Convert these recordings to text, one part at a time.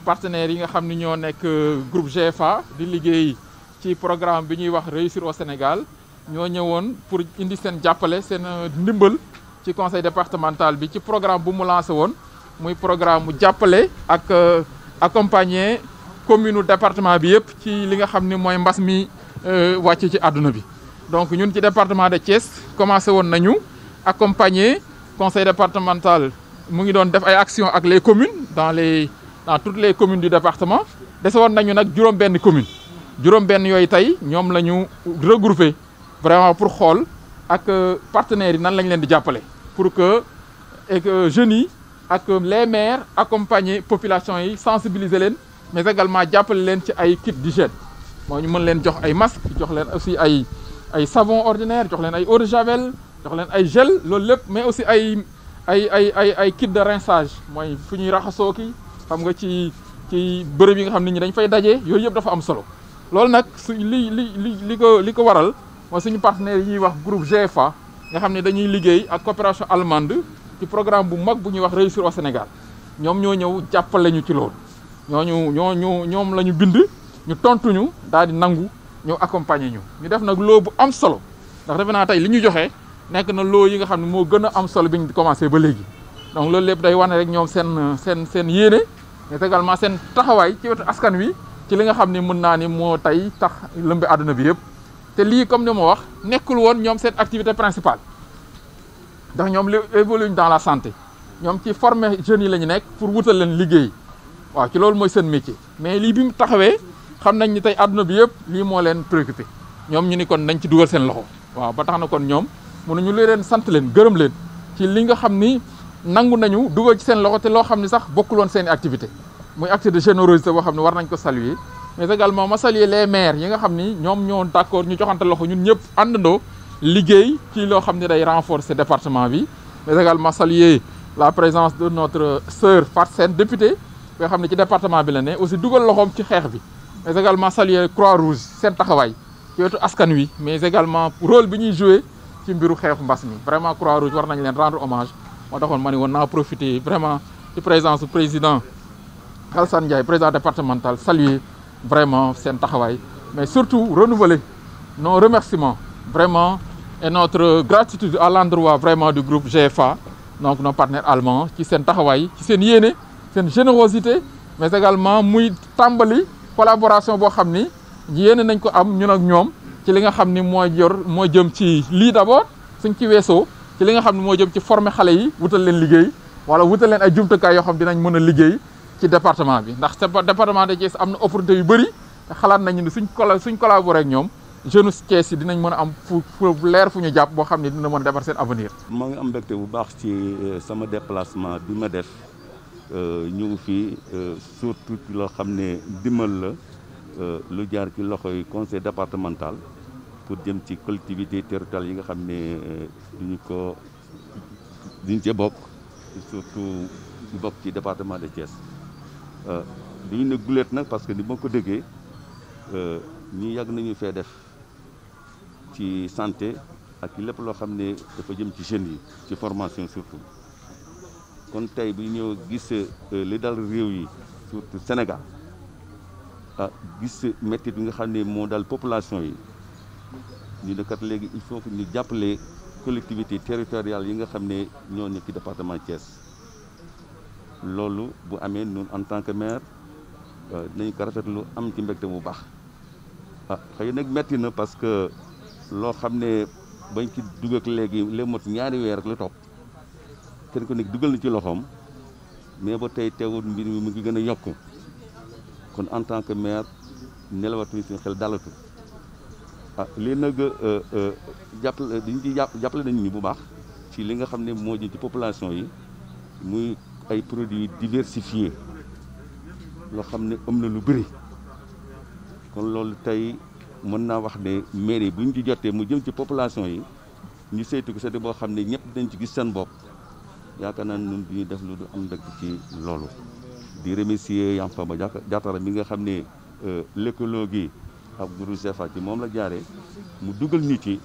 partenaires yi nga xam ni ñoo nekk euh, groupe GFA di liggéey ci programme bi ñuy wax réussir au Sénégal ñoo ñëwoon pour indi seen jàppale seen euh, ndimbal ci conseil départemental bi ci programme bu mu lancé woon muy programme mu jàppale ak euh, accompagner commune département bi yëpp ci li nga xam ni mooy mbas mi wàcc ci àdduna bi donc ñun ci département de Thiès commencé woon nañu accompagner conseil départemental mu ngi doon def ay action ak les communes dans les dans toutes les communes du département desewoon nañu nag juróom-benn commune juróom-benn yooyu tey ñoom la ñu regroupé vraiment pour xool ak euh, partenaires yi nan lañ leen di jàppale pour que et que jeunes yi ak les maires accompagner population yi sensibiliser leen mais également jàppale leen ci ay kit d'hygiène moo ñu mën leen jox ay masques jox leen aussi ay ay savon ordinaire jox leen ay eau de javel jox leen ay gel loolu lépp mais aussi ay ay ay ay ay kit de rinçage mooy fu ñuy raxasoo ki xam nga ci ci bërëb yi nga xam nit ñi dañ fay daje yooyu yëpp dafa am solo loolu nag su li li li li ko li ko waral mooy suñu partenaire yi ñuy wax groupe GFA nga xam ne dañuy liggéey ak coopération allemande ci programme bu mag bu ñuy wax réussir au Sénégal ñoom ñoo ñëw jàppale ñu ci lool loolu ñooñu ñooñu ñoom la ñu bind ñu tontuñu daal di nangu ñëw accompagner ñu ñu def nag loo bu am solo ndax defe naa tey li ñu joxe nekk na lool yi nga xam ne moo gën a am solo bi ñu commencé ba léegi donc loolu lépp day wane rek ñoom seen seen yéene mais également seen taxawaay ci wetu askan wi ci li nga xam ni mën naa ni moo tey tax lëmbe àdduna bi yëpp te lii comme ni ma wax nekkul woon ñoom seen activité principale ndax ñoom li évolué dans la santé ñoom ci former jeunes yi la ñu nekk pour wutal leen liggéey waaw ci loolu mooy seen métier mais lii bi mu taxawee xam nañ ni tey àdduna bi yëpp lii moo leen préoccupé ñoom ñu ni kon nañ ci dugal seen loxo waaw ba tax na kon ñoom mënuñu leen sant leen gërëm leen ci li nga xam ni nangu nañu dugal ci seen loxo te loo xam ne sax bokkuloon seen activité muy acte de générosité boo xam ne war nañ ko saluer mais également ma saluer le maires yi nga xam ni ñoom ñoo d'accord ñu joxante loxo ñun ñëpp àndandoo liggéey ci loo xam ne day renforcer département bi mais également saluer la présence de notre sœur Fatou Sène députée nga xam ne ci département bi la ne aussi dugal loxoom ci xeex bi mais également saluer Croix-Rouge seen taxawaay ci wetu askan wi mais également rôle bi ñuy jouer ci mbiru xeexu mbas mi vraiment Croix-Rouge war nañ leen rendre hommage moo taxoon ma ne woon naa profité vraiment ci présence président Alassane Ndiaye président départemental saluer vraiment seen taxawaay mais surtout renouveler nos remerciements vraiment et notre gratitude à l'endroit vraiment du groupe GFA donc nos partenaires allemands ci seen taxawaay seen yéene seen générosité mais également muy tàmbali collaboration boo xam ni yéene nañ ko am ñun ak ñoom ci li nga xam ni mooy yor moo jëm ci lii d'abord suñ ci weesoo ci li nga xam ne moo jëm ci former xale yi wutal leen liggéey wala wutal leen ay jumtukaay yoo xam dinañ mën a liggéey ci département bi ndax département de Thiès am na opportunité yu bëri te xalaat nañu ni suñ colla suñ collaboré ak ñoom jeunes Thiès yi dinañ mën a am fu fu leer fu ñu jàpp boo xam ne dina mën a defar seen avenir. moo ngi am mbégte bu baax ci euh, sama déplacement bi ma def euh, ñëw fii euh, surtout loo xam ne dimbal la lu jaar ci loxoy conseil départemental. pour jëm ci collectivité territoriale yi nga xam ne euh, ñu ko duñu cee bokk surtout ñu bokk ci département de Thiès euh, ñu ne guleet nag parce que ni ma ko déggee ñu euh, yàgg nañu fee def ci santé ak lépp loo xam ne dafa jëm ci jeunes yi ci formation surtout kon tey bu ñëw gis li dal réew yi Sénégal ah gis métti bi nga xam ne moo dal population yi ñu ne léegi il faut que ñu jàppale collectivité territoriale yi nga xam ne ñoo nekk ci département Thiès loolu bu amee ñun en tant que maire dinañ euh, ko rafetlu am ci mbégte bu baax ah xëy nag metti na parce que loo xam ne bañ ci dugg ak léegi le ñaari weer ak lu topp kenn ko nekk dugal na ci loxoom mais ba tey teewul mbir mi mu ngi gën a yokk kon en tant que maire nelawatuñu suñu xel dalatu ah léegi nag euh, euh, jàppale dañ ci jàppale nañ ñu bu baax ci li nga xam ne moo jëm ci population yi muy ay produits diversifiés loo xam ne am na lu bëri kon loolu tey mën naa wax ne mairie bu ñu ci jotee mu jëm ci population yi ñu saytu ko saytu boo xam ne ñëpp dañ ci gis seen bopp yaakaar naa ñun bi ñu def lu du am ndëkk ci loolu di remercier Yankhoba Diattara mi nga xam ne euh, lëkkaloo gi ak guru CFA ci moom la jaaree mu dugal nit yi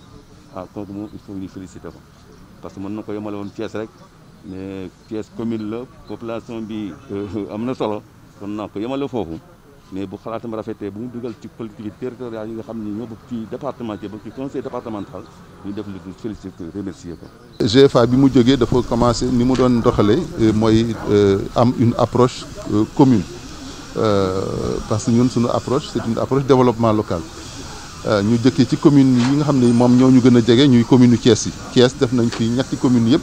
ah kooku mu il faut ñu félicité ko parce que mën na ko yemale woon Thiès rek mais Thiès commune la population bi euh, am na solo kon naa ko yemale foofu mais bu xalaatam rafetee bu mu dugal ci collectivité territoriale yi nga xam ni ñoo bokk ci département ci bokk ci conseil départemental ñu def lu félicité remercier ko. GFA bi mu jógee dafa commencé ni mu doon doxalee euh, mooy euh, am une approche commune. Euh, parce que ñun suñu approche c'est une approche développement local euh, ñu jëkkee ci commune yi nga xam ne moom ñoo ñu gën a jege ñuy commune yu Thiès yi Thiès def nañ fi ñetti communes yëpp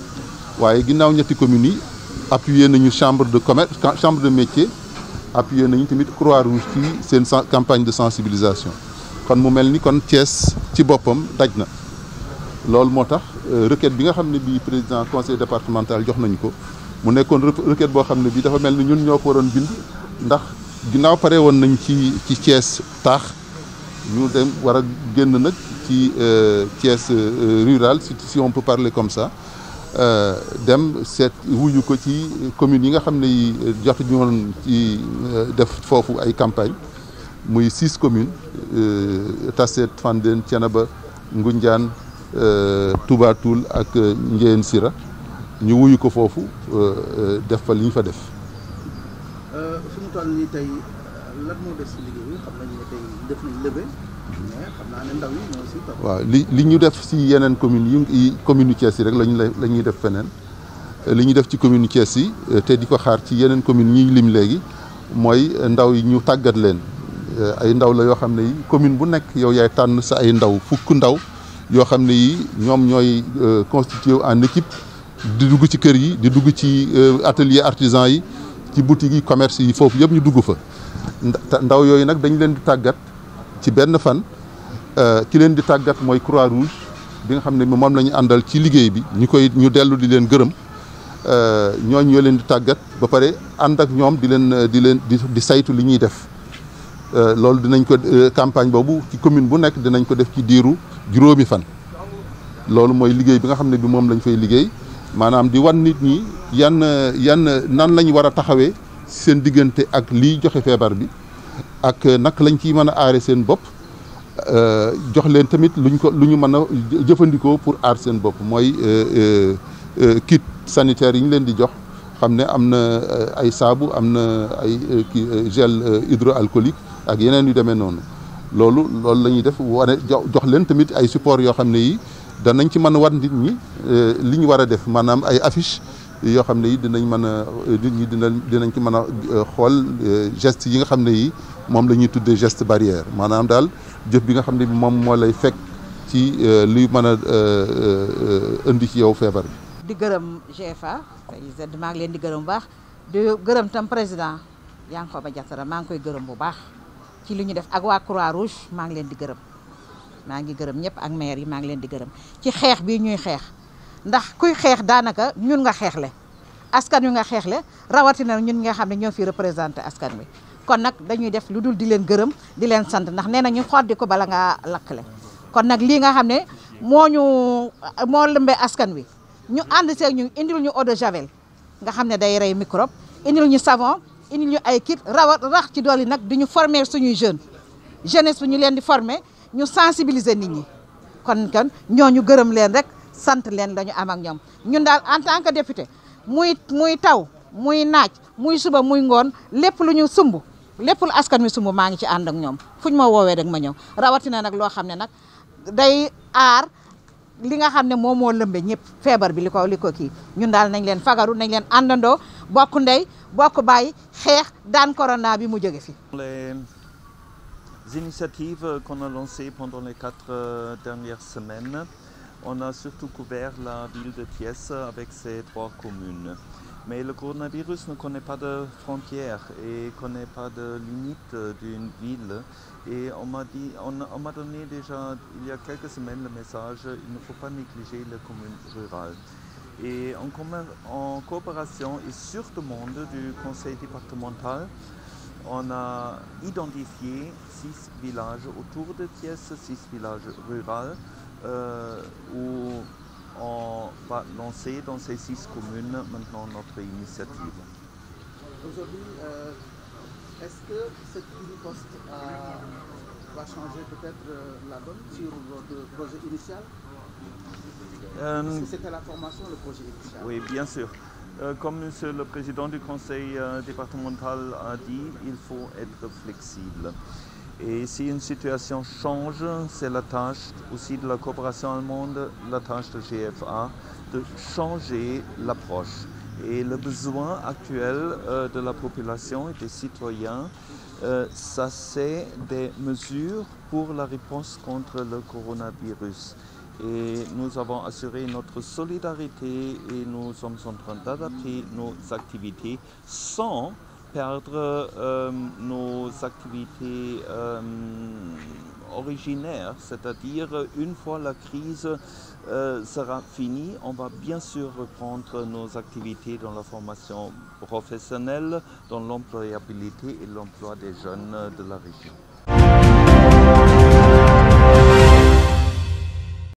waaye ginnaaw ñetti communes yi appuyé nañu chambre de commerce chambre de métier appuyé nañu tamit Croix-Rouge ci seen campagne de sensibilisation kon mu mel ni kon Thiès ci boppam daj na loolu moo tax euh, requête bi nga xam ne bii président conseil départemental jox nañu ko mu nekkoon requête boo xam ne bii dafa mel ni ñun ñoo ko waroon bind ndax ginnaaw pare woon nañ ci ci Thiès taax ñu dem war a génn nag ci euh, Thiès euh, rural si on peut parler comme ça euh, dem seet wuyu ko ci communes yi nga xam ne yi jotu ñu ci def foofu ay campagne muy six communes Tasset Fandène Thiénaba Ngoundiane Touba Toul ak Ndiéyène Sira ñu wuyu ko foofu def fa li ñu fa def toll euh, li li ñu def si yeneen communes yi commune yu yi rek lañu la ñuy def feneen euh, li ñu def ci commune yu yi euh, te di ko xaar ci yeneen commune ñuy lim léegi mooy ndaw yi ñu tàggat leen ay ndaw la yoo xam ne yi commune bu nekk yow yaay tànn sa ay ndaw fukk ndaw yoo xam ne yi ñoom ñooy constitué en équipe di dugg ci kër yi di dugg ci atelier artisan yi ci boutique yi commerce yi foofu yëpp ñu dugg fa ndaw yooyu nag dañu leen di tàggat ci benn fan euh, ki leen di tàggat mooy croix rouge bi nga xam ne moom la ñu àndal ci liggéey bi ñu koy ñu dellu di leen gërëm euh, ñooñu ñoo leen di tàggat ba pare ànd ak ñoom di leen di leen di saytu li ñuy def euh, loolu dinañ ko campagne boobu ci commune bu nekk dinañ ko def ci diiru juróomi fan loolu mooy liggéey bi nga xam ne bi moom lañ fay liggéey maanaam di wan nit ñi yan yan nan lañ war a taxawee seen diggante ak li joxe feebar bi ak nak lañ ciy mën a aare seen bopp euh, jox leen tamit luñ ko lu ñu mën a jëfandikoo pour aar seen bopp mooy euh, euh, kiit sanitaire yiñ leen di jox xam ne am na ay saabu am na ay gel hydroalcoolique ak yeneen yu demee noonu loolu loolu la ñuy def wane jox leen tamit ay support yoo xam ne yi danañ ci mën a war nit ñi euh, li ñu war a def maanaam ay affiche yoo xam ne yi dinañ mën a euh, nit ñi dina dinañ ci mën a euh, xool geste yi nga xam ne yi moom la ñuy tuddee geste barrière maanaam daal jëf bi nga xam ne bi moom moo lay fekk ci luy mën a indi ci yow feebar bi. di gërëm GFA tey maa ngi leen di gërëm bu baax di gërëm tam président Yankhoba Diattara maa ngi koy gërëm bu baax ci li ñu def ak waa Croix Rouge maa ngi leen di gërëm. maa ngi gërëm ñëpp ak maire yi maa ngi leen di gërëm ci xeex bii ñuy xeex ndax kuy xeex daanaka ñun nga xeex le askan wi nga xeex xeexle rawatina ñun nga xam ne ñoo fi représenté askan wi kon nag dañuy def lu dul di leen gërëm di leen sant ndax nee na ñu xoddi ko bala ngaa lakkle kon nag lii nga xam ne moo ñu moo lëmbee askan wi ñu ànd se ñu indil ñu eau de javel nga xam ne day rey microbe indil ñu savon indi ñu ay kit rawat rax ci dool yi nag di ñu former suñuy jeunes jeunesse bi ñu leen di former ñu sensibiliser nit ñi kon kon ñooñu gërëm leen rek sant leen la ñu am ak ñoom ñun daal en tant que député muy muy taw muy naaj muy suba muy ngoon lépp lu ñu sumb lépp lu askan wi sumb maa ngi ci ànd ak ñoom fu ñu ma woowee rek ma ñëw rawatina nag loo xam ne nag day aar li nga xam ne moom moo lëmbe ñëpp feebar bi li ko li ko kii ñun daal nañ leen fagaru nañ leen àndandoo bokk ndey bokk bay xeex daan corona bi mu jóge fi initiatives qu'on a lancées pendant les quatre euh, dernières semaines. On a surtout couvert la ville de Thiès avec ses trois communes. Mais le coronavirus ne connaît pas de frontières et connaît pas de limite d'une ville. Et on m'a donné déjà il y a quelques semaines le message, il ne faut pas négliger les communes rurales. Et en, coopération et sur demande du conseil départemental, On a identifié six villages autour de Thiès, six villages ruraux euh, où on va lancer dans ces six communes maintenant notre initiative. Aujourd'hui, euh, est-ce que cette riposte va changer euh, la donne sur projet initial euh, Parce que la formation, le projet initial. bien sûr. Euh, comme Monsieur le Président du Conseil euh, départemental a dit, il faut être flexible. Et si une situation change, c'est la tâche aussi de la coopération allemande, la tâche de GFA, de changer l'approche. Et le besoin actuel euh, de la population et des citoyens, euh, ça c'est des mesures pour la réponse contre le coronavirus. Et nous avons assuré notre solidarité et nous sommes en train d'adapter nos activités sans perdre euh, nos activités euh, originaires, c'est-à-dire une fois la crise euh, sera finie, on va bien sûr reprendre nos activités dans la formation professionnelle, dans l'employabilité et l'emploi des jeunes de la région.